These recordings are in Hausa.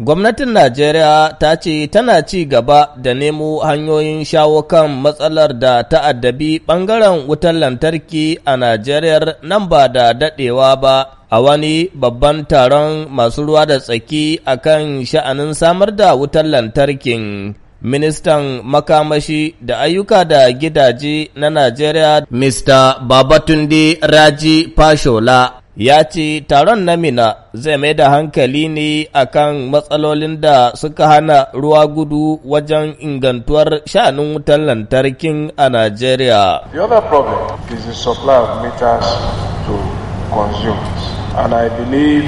Gwamnatin Najeriya ta ce tana ci gaba da nemo hanyoyin shawo kan matsalar da ta'addabi ɓangaren wutar lantarki a Najeriya nan ba da daɗewa ba a wani babban taron masu ruwa da tsaki a kan sha'anin samar da wutar lantarkin. Ministan makamashi da ayyuka da gidaje na Najeriya, Mr. Babatunde Raji Fashola, ya ce taron na mina zai mai da hankali ne akan matsalolin da suka hana ruwa gudu wajen ingantuwar shanun wutan lantarkin a Najeriya. The other problem is the supply of meters to consumers. And I believe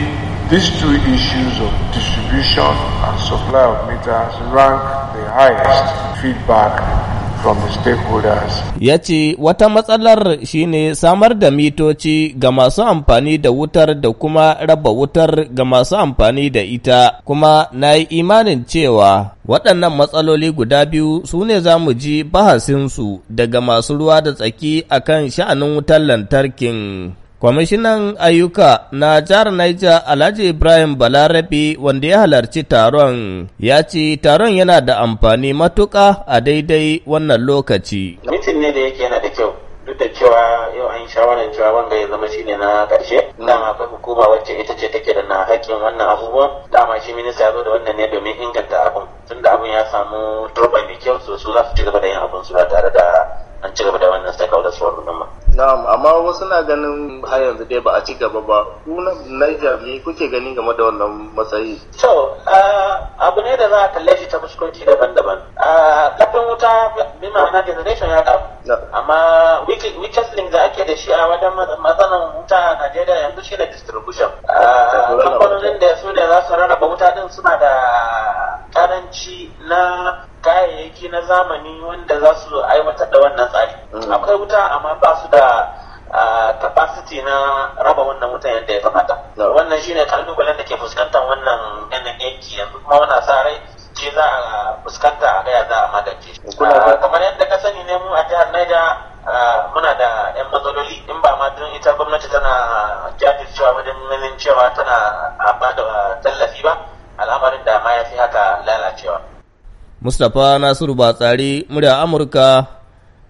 these two issues of distribution and supply of meters rank the highest feedback from Ya ce wata matsalar shi ne samar da mitoci ga masu amfani da wutar da kuma raba wutar ga masu amfani da ita, kuma na yi imanin cewa waɗannan matsaloli guda biyu su ne za mu ji bahasinsu daga masu ruwa da tsaki akan sha'anin wutar lantarkin. Kwamishinan ayyuka na jihar Niger Alhaji Ibrahim Balarabi wanda ya halarci taron ya ce taron yana da amfani matuƙa a daidai wannan lokaci. Mitin ne da yake yana da kyau duk da cewa yau an yi shawarar cewa wanda ya zama shine na karshe na akwai hukuma wacce ita ce take da na hakkin wannan abubuwan dama shi minista ya zo da wannan ne domin inganta abun da abun ya samu turba mai kyau sosai su za su ci gaba da yin abun su ba tare da an ci gaba da wannan sakawar da sauran ba. Na'am, amma wasu na ganin har yanzu dai ba a ci gaba ba. Ku na Niger ne kuke gani game da wannan matsayi? To, abu ne da za a kalle shi ta fuskoki daban-daban. Kafin wuta bi ma'ana generation ya kafu. Amma wikis link da ake da shi a wajen matsalan wuta a Najeriya yanzu shi da distribution. Kamfanonin da su ne za su rarraba wuta din suna da karanci na kayayyaki na zamani wanda za su aiwatar da wannan tsari. akwai wuta amma ba su da capacity na raba wannan wutan yadda ya kamata wannan shine kalubalen da ke fuskantar wannan yanayin yanki yanzu kuma muna sa ce za a fuskanta a gaya za a magance kamar yadda ka sani ne mu a jihar naija muna da yan matsaloli in ba ma tun ita gwamnati tana jajircewa wajen ganin cewa tana ba da tallafi ba al'amarin da ma ya fi haka lalacewa Mustapha Nasiru Batsari, murya Amurka